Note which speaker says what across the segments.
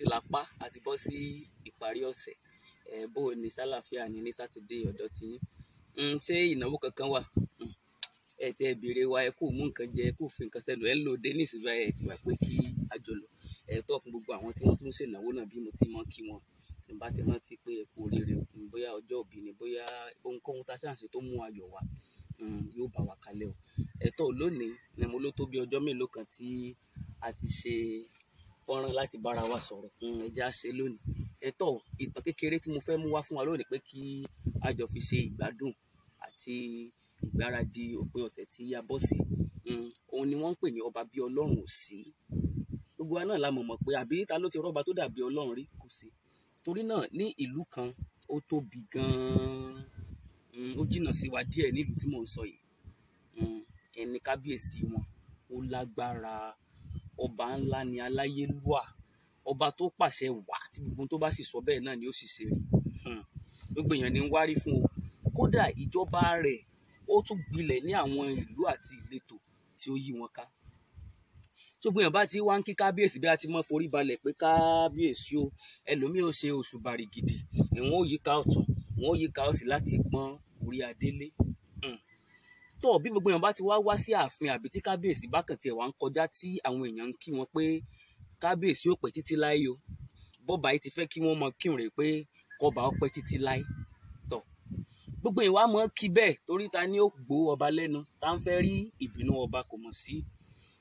Speaker 1: ti lápá àti bọ́ sí ìparí ọ̀sẹ̀ bó o ní sálàáfíà ní ní sátidé ọ̀dọ̀ ti yín hmm, ṣé ìnáwó kankan wà hmm, ẹ ti ẹ béèrè wa ẹ kò mú nǹkan jẹ ẹ kò fi nǹkan sẹ́nu ẹ ń lò dé nísìnyí ẹ gbà pé kí àjọlò ẹ tọ́ fún gbogbo àwọn tí wọ́n tún ń ṣènáwó náà bí mo ti mọ kí wọn tí n bá ti rántí pé ẹ kú oríire òkun hmm, bóyá ọjọ́ òbí ni bóyá ohunkóhun tá a ṣàǹṣe tó mú ayọ̀ wá yóò bá wa kalẹ̀ o ẹ̀tọ́ lónìí ni mo ló tó bí ọjọ́ mélòó kan tí a ti ṣe fọ́nrán láti bára wa sọ̀rọ̀ ẹ jẹ́ á ṣe lónìí ẹ̀tọ́ ìtàn kékeré tí mo fẹ́ mú wá fún wa lónìí pé kí a fi ṣe ìgbádùn àti ìgbáradì òpin ọ̀sẹ̀ tí a bọ́ sí òun ni wọ́n ń pè ní ọba bí ọlọ́run ò sí gbogbo wa náà la mọ̀ mọ̀ pé àbí ta ló ti rọ́ba tó dàbí ọlọ́run rí kò sí torí náà ní ìlú kan ó tóbi gan-an ó jìnnà sí wa díẹ̀ nílùú tí mò ń sọ yìí ẹni kábíyèsí wọn ó lágbára ọba ńlá ni aláyélúwà ọba tó pàṣẹ wà tí gbogbo tó bá sì sọ bẹ́ẹ̀ náà ni ó sì ṣe rí hmm. gbogbo èèyàn ni ń wárí fún o kódà ìjọba rẹ̀ ó tún gbilẹ̀ ní àwọn ìlú àti ìletò tí ó yí wọn ká gbogbo èèyàn bá ti wá ń kí kábíyèsí bí a ti mọ́ forí balẹ̀ pé kábíyèsí o ẹlòmíì ò ṣe òṣùbàrì gidi ìwọ̀n ò yíká ọ̀tún ìwọ̀n ò yíká òsì láti pọ́n orí adélé tó bí gbogbo èèyàn bá ti wá wá sí ààfin àbí tí kábíyèsí bá kàn tiẹ̀ wá ń kọjá tí àwọn èèyàn ń kí wọn pé kábíyèsí ò pẹ́ títí láé o bọ́ba yìí ti fẹ́ kí wọ́n mọ kírun rè pé kọba ó pẹ́ títí láé tọ̀ gbogbo èèyàn wá mọ́ kí bẹ́ẹ̀ torí ta ni ó gbó ọba lẹ́nu tá ń fẹ́ rí ìbínú ọba kò mọ̀ sí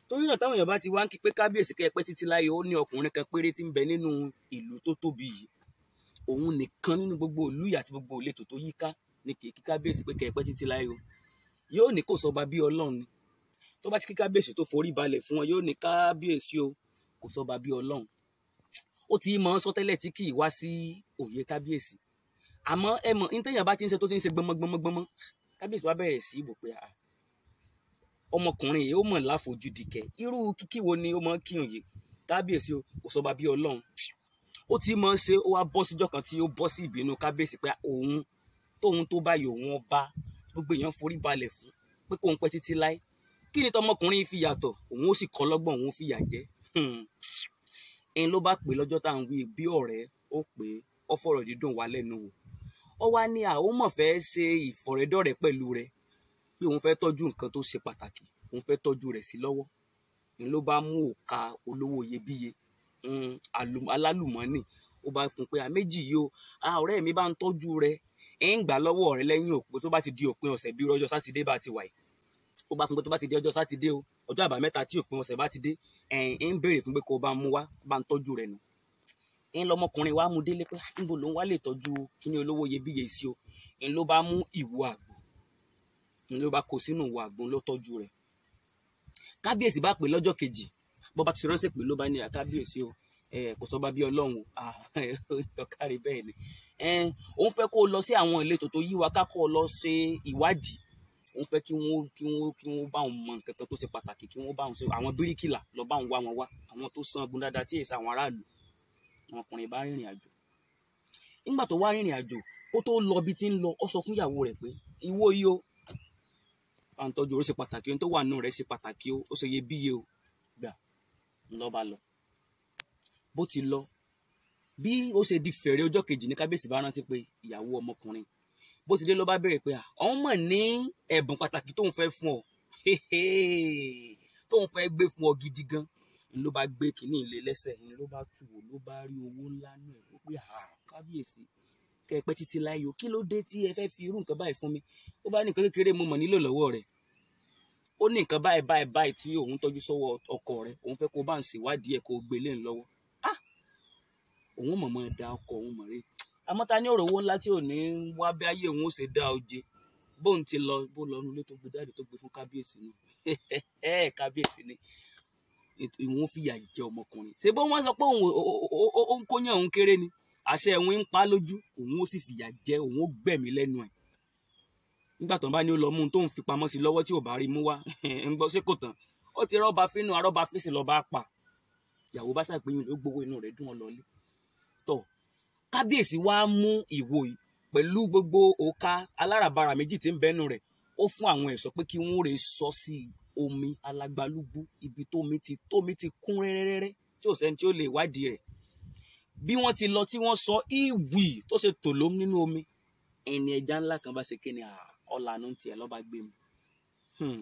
Speaker 1: torí náà táwọn èèyàn bá ti wá ń kí pé kábíyèsí kẹ́ pẹ́ títí láé ó ní ọkùnrin kan péré tí ń bẹ nínú ìlú tó tóbi yìí òun nìkan nínú gbogbo ìlú yìí àti gbogbo ìletò tó yíká ni kì í kí kábíyèsí pé kẹ́ pẹ́ títí láé o yóò ní kò sọba bí ọlọ́run ni tó bá ti kí kábíyèsí tó forí balẹ̀ fún wọn yóò ní kábíyèsí o kò sọba bí ọlọ́run ó ti mọ̀ ọ́n sọ tẹ́lẹ̀ tí kì í wá sí òye kábíyèsí àmọ́ ẹ mọ̀ ní téèyàn bá ti ń ṣe tó ti ń ṣe gbọmọgbọmọgbọmọ kábíyèsí wa bẹ̀rẹ̀ sí ìbò pé ọmọkùnrin yìí ó mọ̀ láfojúdi kẹ̀ irú kíkí wo ni ó mọ̀ kíyàn yìí kábíyèsí o kò sọba bí ọlọ́run ó ti mọ̀ ṣe ó wá bọ́ síjọ́ kan tí ó bọ́ sí ìbínú kábíyèsí pé òun tóun tó báyìí òun ọba gbogbo èèyàn forí balẹ̀ fún pé kò ń pẹ́ títí láé kí ni tọmọkùnrin fi yàtọ̀ òun ó sì kọ́ lọ́gbọ̀n òun ó fìyà jẹ hmm. ẹn ló bá pè lọ́jọ́ tá à ń wí bí ọ̀rẹ́ ó pè é ó fọ̀rọ̀ dídùn wá lẹ́nu wò ó wá ní àwọn mọ̀ fẹ́ ṣe ìfọ̀rẹ́dọ̀rẹ́ pẹ̀lú rẹ pé òun fẹ́ tọ́jú nǹkan tó ṣe pàtàkì òun fẹ́ tọ́jú rẹ̀ sí lọ́wọ́ n ló bá mú òka olówó iyebíye hmm, alálùmọ́nì ó bá fún pé àméjì yìí o ọ̀rẹ́ mi bá ń tọ́jú rẹ ń gbà lọ́wọ́ rẹ lẹ́yìn òpó tó bá ti di òpin ọ̀sẹ̀ bí ọjọ́ sátidé bá ti wà yìí ó bá fún pé tó bá ti di ọjọ́ sátidé o ọjọ́ àbámẹ́ta tí òpin ọ̀sẹ̀ bá ti dé ẹ̀yìn ń béèrè fún pé kó o bá mú wá bá ń tọ́jú rẹ̀ nù ń lọmọkùnrin wa mú délé pé ah, níbo lòun wá lè tọ́jú kíní olówó iyebíye sí o ń ló bá mú ìwo àgbò ń ló bá kó sínú ìwo àgbò ló tọ́jú rẹ̀ kábíyèsí bá pè lọ́jọ́ kejì bó bá ti ránṣẹ́ pè ló bá ní àkábíyèsí ah, o Eh, kò sọba bí ọlọ́run ah, ọ̀kárí bẹ́ẹ̀ ni òun fẹ́ kó lọ sí àwọn ìletò tó yíwa kákọ́ lọ ṣe ìwádìí òun fẹ́ kí wọ́n kí wọ́n kí wọ́n bá wọn mọ nǹkan kan tó ṣe pàtàkì kí wọ́n bá wọn ṣe àwọn bíríkìlà lọ bá wọn wá wọn wá àwọn tó san ogun dáadáa tí èsì àwọn aráàlú àwọn ọkùnrin bá rìnrìn àjò nígbà tó wá rìnrìn àjò kó tó lọ bí ti ń lọ ó sọ fún ìyàwó rẹ̀ pé ìwọ yìí o à ń tọ́jú ó ṣe pàtàkì ohun tó wà nù rẹ̀ ṣe pàtàkì ó ṣe iyebíye o gbà ńlọ bá lọ bó ti lọ bí ó ṣe di fẹ̀rẹ̀ ọjọ́ kejì ní kábíyèsí bá rántí pé ìyàwó ọmọkùnrin bó ti dé ló bá bẹ̀rẹ̀ pé àwọn mọ̀ ní ẹ̀bùn pàtàkì tóun fẹ́ fún ọ tóun fẹ́ gbé fún ọ gidi gan ni ló bá gbé kínní ilé lẹ́sẹ̀ ni ló bá tù wò ló bá rí owó ńlá náà ló pé kábíyèsí kẹpẹ títí láyò kí ló dé tí ẹ fẹ́ fi irú nǹkan báyìí fún mi ó bá ní nǹkan kékeré mo mọ̀ nílò lọ́wọ́ rẹ̀ ó ní nǹkan báyìí báyìí báyìí tí òun tọ́jú sọ́wọ́ ọkọ rẹ̀ òun fẹ́ kó bá ń ṣèwádìí ẹ̀ kó gbélé ńlọ́wọ́ e òun mọ̀mọ́ da ọkọ̀ òun mọ̀ rí àmọ́ ta ní ọ̀rọ̀ owó ńlá tí ò ní wá bí ayé òun ó ṣe dá oje bóun ti lọ bó lọ nulẹ̀ tó gbé jáde tó gbé fún kábíyèsí ni kábíyèsí ni ìwọ̀n fìyà jẹ ọmọkùnrin ṣé bó wọ́n sọ pé òun ó ń kóyàn òun kéré ni àṣẹ òun ń pa lójú òun ó sì fìyà jẹ òun ó gbẹ̀mí lẹ́nu ẹ̀ nígbà tó ń bá ní ó lọ mú un tó ń fi pamọ́ sí lọ́wọ́ tí ò bá rí mú wá ń gbọ́ sí kò tán ó ti rọ́ọ̀bà fínú arọ́bà fèsì lọ́ba pa ìyàwó bá ṣàpèyìn ló gbowó inú rẹ̀ dùn ọ́ lọ́lé yàtọ̀ kábíyèsí wa mú ìwò yìí pẹ̀lú gbogbo òka aláràbarà méjì tí ń bẹnu rẹ̀ ó fún àwọn ẹ̀ṣọ́ pé kí wọ́n rè sọ sí omi alagbalúgbú ibi tómi ti tómi ti kún rẹ́rẹ́rẹ́rẹ́ tí ò sẹ́ni tí ó lè wádìí rẹ̀ bí wọ́n ti lọ tí wọ́n sọ ìwì tó ṣe tòlóm nínú omi ẹni ẹja ńlá kan bá ṣe kí ni ọ̀làánú tiẹ̀ lọ́ba gbé mu. Hmm.